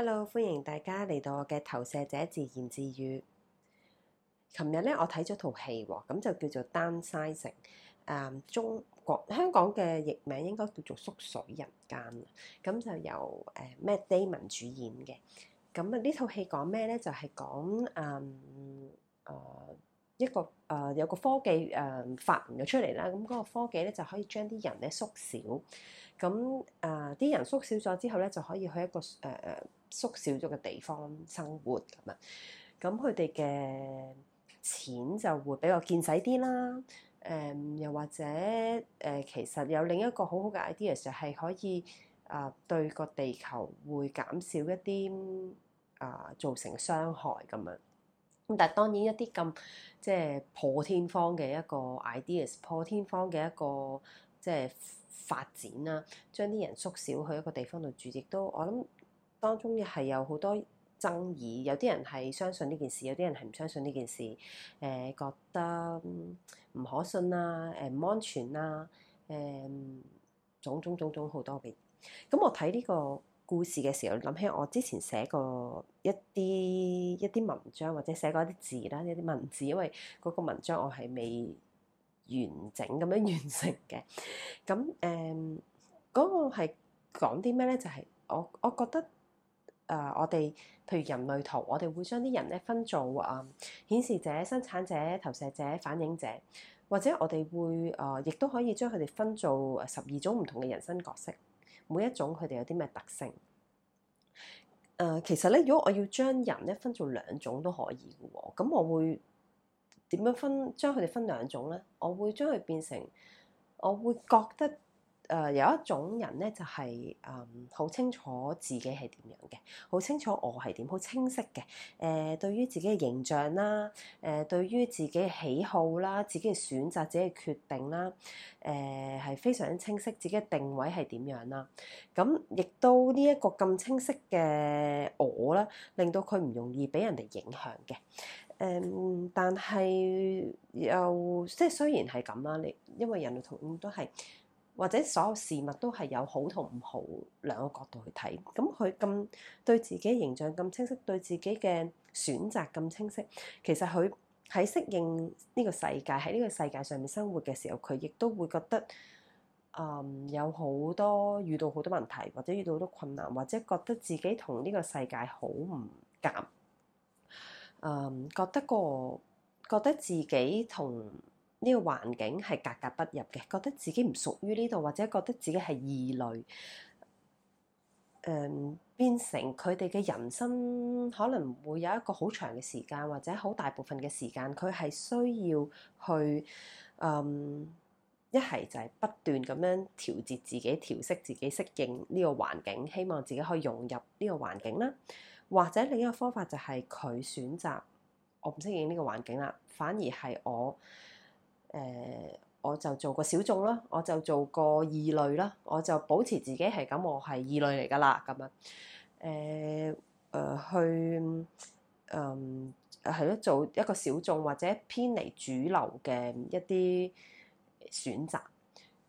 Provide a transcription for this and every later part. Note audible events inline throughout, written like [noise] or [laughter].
Hello，歡迎大家嚟到我嘅投射者自言自語。琴日咧，我睇咗套戲，咁就叫做《Downsizing》。誒，中國香港嘅譯名應該叫做《縮水人間》。咁就由誒咩 Matt Damon 主演嘅。咁啊，呢套戲講咩咧？就係講誒誒。Um, uh, 一個誒、呃、有個科技誒、呃、發明咗出嚟啦，咁嗰個科技咧就可以將啲人咧縮小，咁誒啲人縮小咗之後咧就可以去一個誒誒、呃、縮小咗嘅地方生活咁啊，咁佢哋嘅錢就會比較見使啲啦，誒、呃、又或者誒、呃、其實有另一個好好嘅 idea 就係可以啊、呃、對個地球會減少一啲啊、呃、造成傷害咁啊。咁但係當然一啲咁即係破天荒嘅一個 ideas，破天荒嘅一個即係發展啦，將啲人縮小去一個地方度住，亦都我諗當中係有好多爭議，有啲人係相信呢件事，有啲人係唔相信呢件事，誒、呃、覺得唔、嗯、可信啦，誒、呃、唔安全啦，誒、呃、種種種種好多嘅。咁我睇呢、這個故事嘅時候，諗起我之前寫過一啲一啲文章，或者寫過一啲字啦，一啲文字，因為嗰個文章我係未完整咁樣完成嘅。咁誒嗰個係講啲咩咧？就係、是、我我覺得誒、呃，我哋譬如人類圖，我哋會將啲人咧分做誒、呃、顯示者、生產者、投射者、反映者，或者我哋會誒、呃、亦都可以將佢哋分做十二種唔同嘅人生角色。每一種佢哋有啲咩特性？誒、呃，其實咧，如果我要將人咧分做兩種都可以嘅喎，咁我會點樣分？將佢哋分兩種咧？我會將佢變成，我會覺得。誒、呃、有一種人咧，就係誒好清楚自己係點樣嘅，好清楚我係點，好清晰嘅。誒、呃、對於自己嘅形象啦，誒、呃、對於自己嘅喜好啦，自己嘅選擇、自己嘅決定啦，誒、呃、係非常之清晰，自己嘅定位係點樣啦。咁、嗯、亦都呢一個咁清晰嘅我啦，令到佢唔容易俾人哋影響嘅。誒、嗯，但係又即係雖然係咁啦，你因為人類同都係。或者所有事物都係有好同唔好兩個角度去睇，咁佢咁對自己形象咁清晰，對自己嘅選擇咁清晰，其實佢喺適應呢個世界，喺呢個世界上面生活嘅時候，佢亦都會覺得，嗯，有好多遇到好多問題，或者遇到好多困難，或者覺得自己同呢個世界好唔夾，嗯，覺得個覺得自己同呢個環境係格格不入嘅，覺得自己唔屬於呢度，或者覺得自己係異類。誒、嗯，變成佢哋嘅人生可能會有一個好長嘅時間，或者好大部分嘅時間，佢係需要去誒、嗯、一係就係不斷咁樣調節自己、調適自己、適應呢個環境，希望自己可以融入呢個環境啦。或者另一個方法就係佢選擇我唔適應呢個環境啦，反而係我。誒、uh，我就做個小眾啦，我就做個異類啦，我就保持自己係咁，我係異類嚟㗎喇咁樣。誒、uh, 呃，誒去，嗯，係咯，做一個小眾或者偏離主流嘅一啲選擇。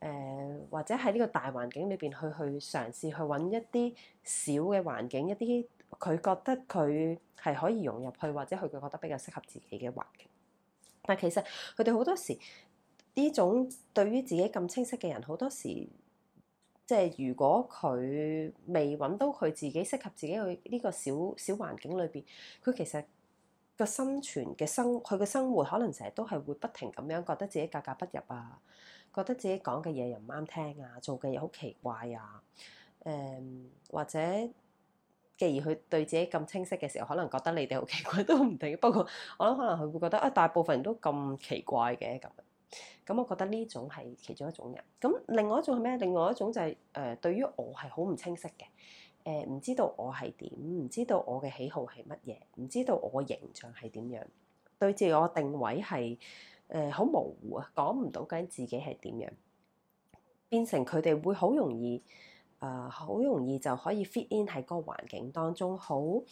誒、uh，或者喺呢個大環境裏邊去去嘗試去揾一啲小嘅環境，一啲佢覺得佢係可以融入去，或者佢佢覺得比較適合自己嘅環境。但其實佢哋好多時呢種對於自己咁清晰嘅人，好多時即係如果佢未揾到佢自己適合自己去呢個小小環境裏邊，佢其實個生存嘅生佢嘅生活可能成日都係會不停咁樣覺得自己格格不入啊，覺得自己講嘅嘢又唔啱聽啊，做嘅嘢好奇怪啊，誒、嗯、或者。既然佢對自己咁清晰嘅時候，可能覺得你哋好奇怪都唔定。不過我諗，可能佢會覺得啊，大部分人都咁奇怪嘅咁。咁、嗯、我覺得呢種係其中一種人。咁、嗯、另外一種係咩？另外一種就係、是、誒、呃，對於我係好唔清晰嘅。誒、呃、唔知道我係點，唔知道我嘅喜好係乜嘢，唔知道我嘅形象係點樣，對自我定位係誒好模糊啊，講唔到緊自己係點樣，變成佢哋會好容易。誒好、uh, 容易就可以 fit in 喺個環境當中，好誒、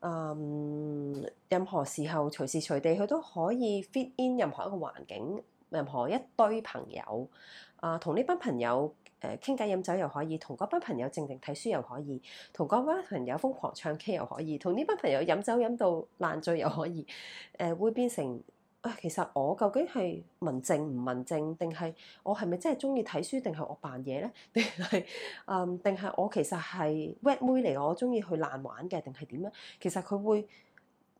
嗯，任何時候隨時隨地佢都可以 fit in 任何一個環境，任何一堆朋友。啊，同呢班朋友誒傾偈飲酒又可以，同嗰班朋友靜靜睇書又可以，同嗰班朋友瘋狂唱 K 又可以，同呢班朋友飲酒飲到爛醉又可以。誒、呃，會變成。其實我究竟係文靜唔文靜，定係我係咪真係中意睇書，定係我扮嘢咧？定係啊？定係我其實係 wet 妹嚟，我中意去爛玩嘅，定係點咧？其實佢會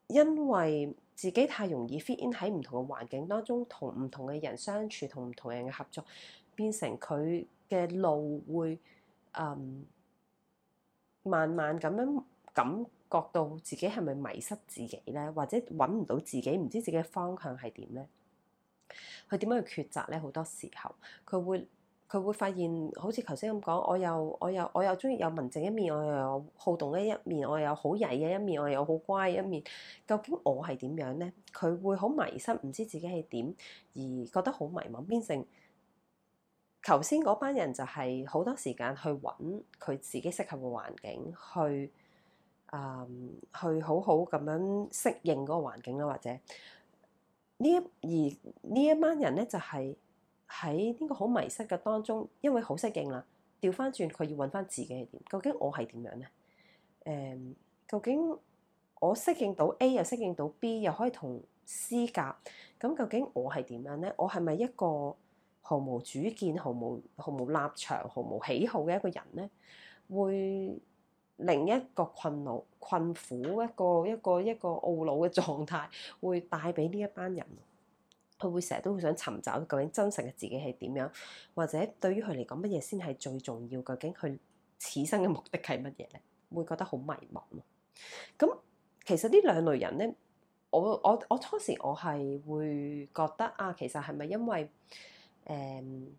因為自己太容易 fit in 喺唔同嘅環境當中，同唔同嘅人相處，同唔同人嘅合作，變成佢嘅路會嗯慢慢咁樣。感覺到自己係咪迷失自己咧，或者揾唔到自己，唔知自己嘅方向係點咧？佢點樣去抉擇咧？好多時候佢會佢會發現，好似頭先咁講，我又我又我又中意有文靜一面，我又有好動嘅一面，我又有好曳嘅一面，我又有好乖嘅一面。究竟我係點樣咧？佢會好迷失，唔知自己係點，而覺得好迷茫，變成頭先嗰班人就係好多時間去揾佢自己適合嘅環境去。誒，um，去好好咁樣適應嗰個環境啦，或者一一呢一而呢一班人咧，就係喺呢個好迷失嘅當中，因為好適應啦，調翻轉佢要揾翻自己係點？究竟我係點樣咧？誒，um，究竟我適應到 A 又適應到 B，又可以同 C 夾，咁究竟我係點樣咧？我係咪一個毫無主見、毫無毫無立場、毫無喜好嘅一個人咧？會？另一個困惱、困苦一、一個一個一個懊惱嘅狀態，會帶俾呢一班人，佢會成日都會想尋找究竟真實嘅自己係點樣，或者對於佢嚟講乜嘢先係最重要？究竟佢此生嘅目的係乜嘢咧？會覺得好迷茫。咁其實呢兩類人咧，我我我初時我係會覺得啊，其實係咪因為誒誒、嗯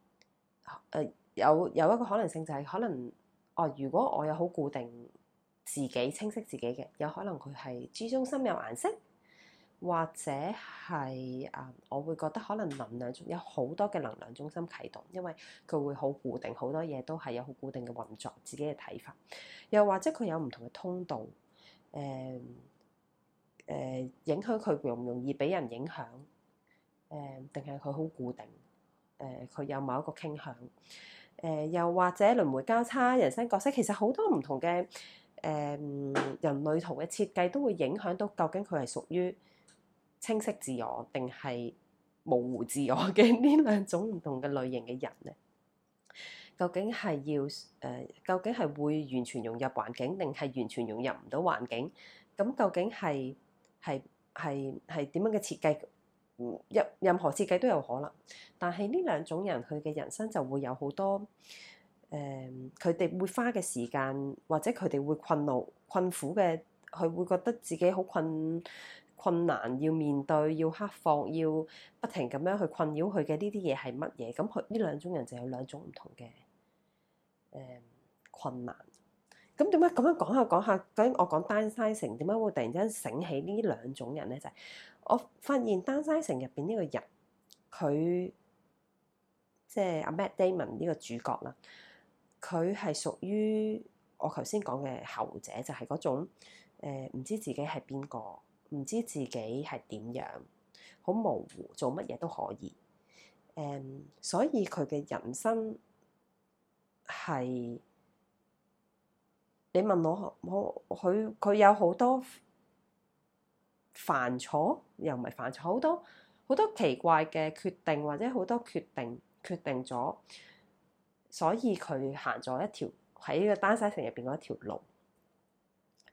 呃、有有一個可能性就係可能。哦，如果我有好固定自己、清晰自己嘅，有可能佢係 G 中心有顏色，或者係啊，我會覺得可能能量仲有好多嘅能量中心啟動，因為佢會好固定，好多嘢都係有好固定嘅運作，自己嘅睇法，又或者佢有唔同嘅通道，誒、嗯、誒、嗯、影響佢容唔容易俾人影響，誒定係佢好固定，誒、嗯、佢有某一個傾向。誒、呃、又或者輪迴交叉、人生角色，其實好多唔同嘅誒、呃、人類圖嘅設計都會影響到，究竟佢係屬於清晰自我定係模糊自我嘅呢兩種唔同嘅類型嘅人呢？究竟係要誒、呃？究竟係會完全融入環境，定係完全融入唔到環境？咁究竟係係係係點樣嘅設計？一任何設計都有可能，但係呢兩種人佢嘅人生就會有好多誒，佢、嗯、哋會花嘅時間，或者佢哋會困惱、困苦嘅，佢會覺得自己好困困難，要面對、要克服、要不停咁樣去困擾佢嘅呢啲嘢係乜嘢？咁佢呢兩種人就有兩種唔同嘅誒、嗯、困難。咁點解咁樣講下講下？咁我講單 o w s i d e 成點解會突然之間醒起呢兩種人咧？就係、是。我發現《丹西城》入邊呢個人，佢即係阿 Matt Damon 呢個主角啦。佢係屬於我頭先講嘅後者，就係、是、嗰種、呃、唔知自己係邊個，唔知自己係點樣，好模糊，做乜嘢都可以。誒、嗯，所以佢嘅人生係你問我，我佢佢有好多。犯錯又唔係犯錯，好多好多奇怪嘅決定，或者好多決定決定咗，所以佢行咗一條喺呢個 downsizing 入邊嗰一條路。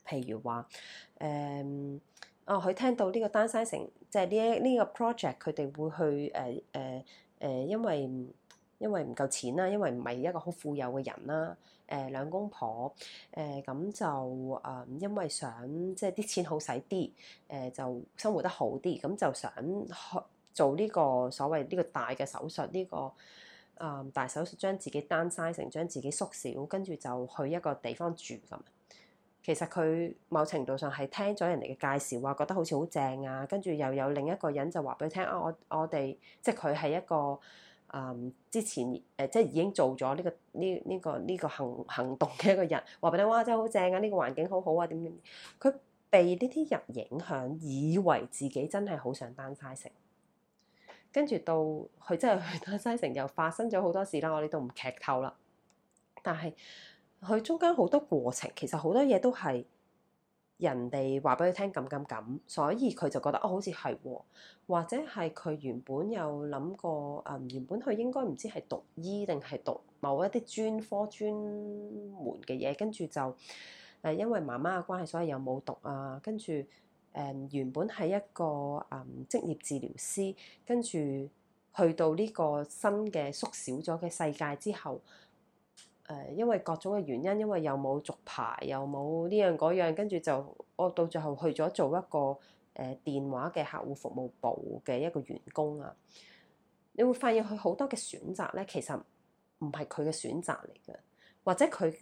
譬如話，誒、嗯，哦，佢聽到呢個 downsizing，即係呢一呢個 project，佢哋會去誒誒誒，因為。因為唔夠錢啦，因為唔係一個好富有嘅人啦。誒兩公婆誒咁就啊、呃，因為想即係啲錢好使啲，誒、呃、就生活得好啲，咁、嗯、就想去做呢、這個所謂呢個大嘅手術，呢、這個啊、呃、大手術將自己 down size 成將自己縮小，跟住就去一個地方住咁。其實佢某程度上係聽咗人哋嘅介紹，話覺得好似好正啊。跟住又有另一個人就話俾佢聽啊，我我哋即係佢係一個。誒、um, 之前誒、呃、即係已經做咗呢、這個呢呢、這個呢、這個行行動嘅一個人話俾你聽，哇真係好正啊！呢、這個環境好好啊，點點佢被呢啲人影響，以為自己真係好想單西城，跟住到佢真係去單西城又發生咗好多事啦，我哋都唔劇透啦。但係佢中間好多過程，其實好多嘢都係。人哋話俾佢聽咁咁咁，所以佢就覺得哦，好似係喎，或者係佢原本有諗過誒、嗯，原本佢應該唔知係讀醫定係讀某一啲專科專門嘅嘢，跟住就誒，因為媽媽嘅關係，所以又冇讀啊，跟住誒原本係一個誒、嗯、職業治療師，跟住去到呢個新嘅縮小咗嘅世界之後。誒，因為各種嘅原因，因為又冇續牌，又冇呢樣嗰樣，跟住就我到最後去咗做一個誒、呃、電話嘅客戶服務部嘅一個員工啊。你會發現佢好多嘅選擇咧，其實唔係佢嘅選擇嚟嘅，或者佢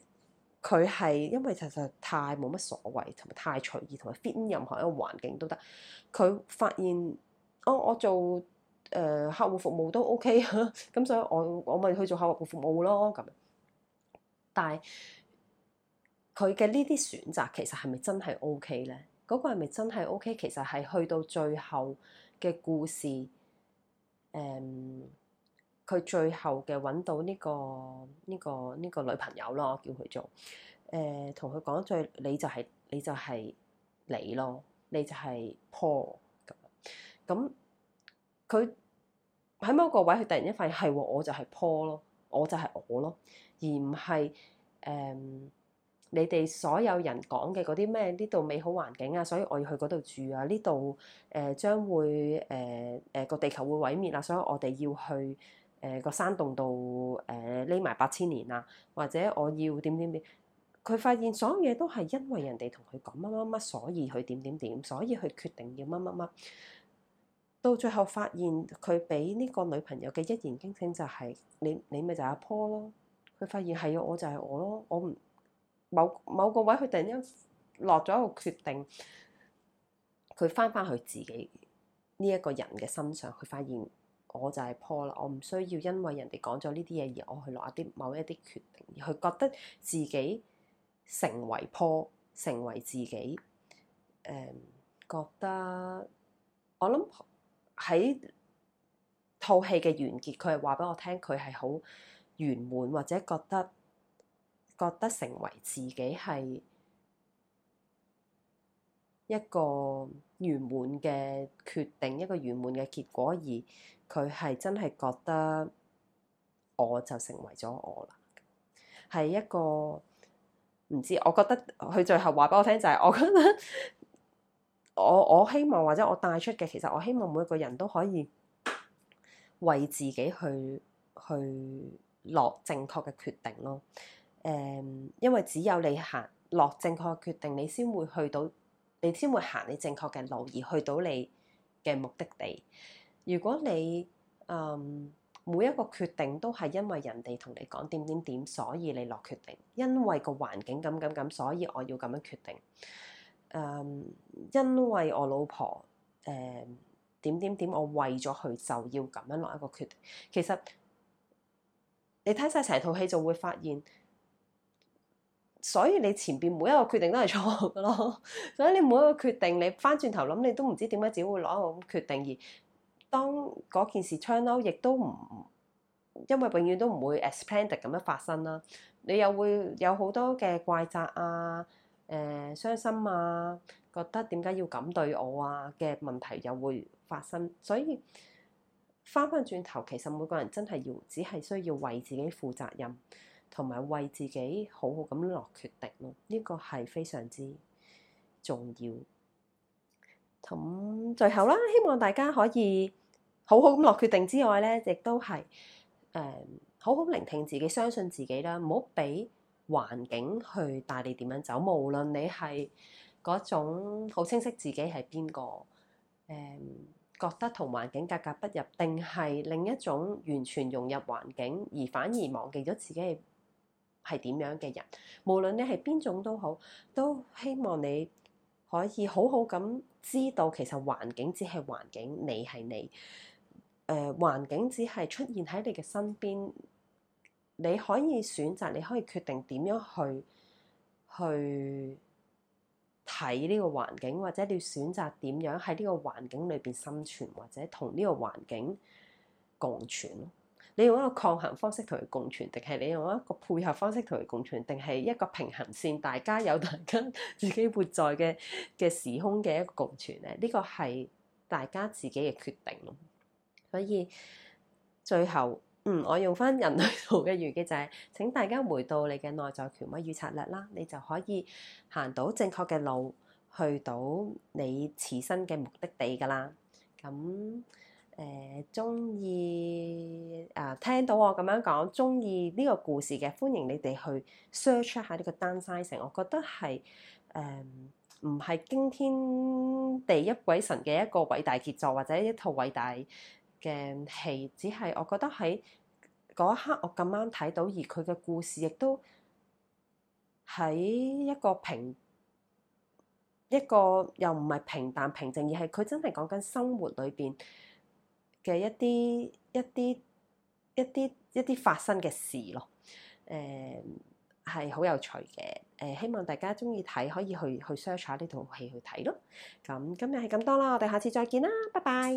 佢係因為實實太冇乜所謂，同埋太隨意，同埋 fit 任何一個環境都得。佢發現我、哦、我做誒、呃、客戶服務都 OK 咁、啊， [laughs] 所以我我咪去做客戶服務咯咁。但係佢嘅呢啲選擇其實係咪、OK 嗰個係咪 OK，其實係咪真係 O K 咧？嗰個係咪真係 O K？其實係去到最後嘅故事，誒、嗯，佢最後嘅揾到呢、呢個呢、呢個呢、呢個女朋友咯，我叫佢做誒，同、呃、佢講一句你就係、是、你就係你咯，你就係 Paul 咁。咁佢喺某一個位，佢突然一發現係、 [laughs] 哦，我就係 Paul 咯，我就係我咯。而唔係誒，你哋所有人講嘅嗰啲咩呢度美好環境啊，所以我要去嗰度住啊。呢度誒將會誒誒個地球會毀滅啦、啊，所以我哋要去誒個、呃、山洞度誒匿埋八千年啊。或者我要點點點？佢發現所有嘢都係因為人哋同佢講乜乜乜，所以佢點點點，所以佢決定要乜乜乜。到最後發現，佢俾呢個女朋友嘅一言驚醒就係、是、你你咪就阿波咯。佢發現係啊，我就係我咯，我唔某某個位，佢突然間落咗一個決定，佢翻翻去自己呢一個人嘅身上，佢發現我就係 Paul 啦，我唔需要因為人哋講咗呢啲嘢而我去落一啲某一啲決定，佢覺得自己成為 Paul，成為自己，誒、嗯、覺得我諗喺套戲嘅完結，佢係話俾我聽，佢係好。圓滿或者覺得覺得成為自己係一個圓滿嘅決定，一個圓滿嘅結果，而佢係真係覺得我就成為咗我啦。係一個唔知，我覺得佢最後話俾我聽就係，我覺得我我希望或者我帶出嘅，其實我希望每個人都可以為自己去去。落正確嘅決定咯，誒，因為只有你行落正確嘅決定，你先會去到，你先會行你正確嘅路而去到你嘅目的地。如果你嗯，每一個決定都係因為人哋同你講點點點，所以你落決定，因為個環境咁咁咁，所以我要咁樣決定。嗯，因為我老婆誒，點點點，嗯、點點點我為咗佢就要咁樣落一個決定。其實。你睇晒成套戲就會發現，所以你前邊每一個決定都係錯嘅咯。 [laughs] 所以你每一個決定，你翻轉頭諗，你都唔知點解只會攞個決定而當嗰件事槍撈，亦都唔因為永遠都唔會 as planned 咁樣發生啦。你又會有好多嘅怪責啊、誒、呃、傷心啊，覺得點解要咁對我啊嘅問題又會發生，所以。翻翻轉頭，其實每個人真係要，只係需要為自己負責任，同埋為自己好好咁落決定咯。呢個係非常之重要。咁最後啦，希望大家可以好好咁落決定之外呢，亦都係誒好好聆聽自己，相信自己啦，唔好俾環境去帶你點樣走。無論你係嗰種好清晰自己係邊個誒。嗯覺得同環境格格不入，定係另一種完全融入環境而反而忘記咗自己係係點樣嘅人。無論你係邊種都好，都希望你可以好好咁知道，其實環境只係環境，你係你。誒、呃，環境只係出現喺你嘅身邊，你可以選擇，你可以決定點樣去去睇呢個環境，或者你要選擇點樣喺呢個環境裏邊生存，或者同呢個環境共存。你用一個抗衡方式同佢共存，定係你用一個配合方式同佢共存，定係一個平衡線，大家有大家自己活在嘅嘅時空嘅一個共存咧。呢個係大家自己嘅決定咯。所以最後。嗯，我用翻人類圖嘅語句就係、是：請大家回到你嘅內在權威與策略啦，你就可以行到正確嘅路，去到你此生嘅目的地㗎啦。咁誒中意啊聽到我咁樣講，中意呢個故事嘅，歡迎你哋去 search 一下呢個《Downsizing》，我覺得係誒唔係驚天地泣鬼神嘅一個偉大傑作，或者一套偉大嘅戲，只係我覺得喺嗰一刻，我咁啱睇到，而佢嘅故事亦都喺一個平一個又唔係平淡平靜，而係佢真係講緊生活裏邊嘅一啲一啲一啲一啲發生嘅事咯。誒係好有趣嘅，誒、呃、希望大家鍾意睇，可以去去 search 下呢套戲去睇咯。咁今日係咁多啦，我哋下次再見啦，拜拜。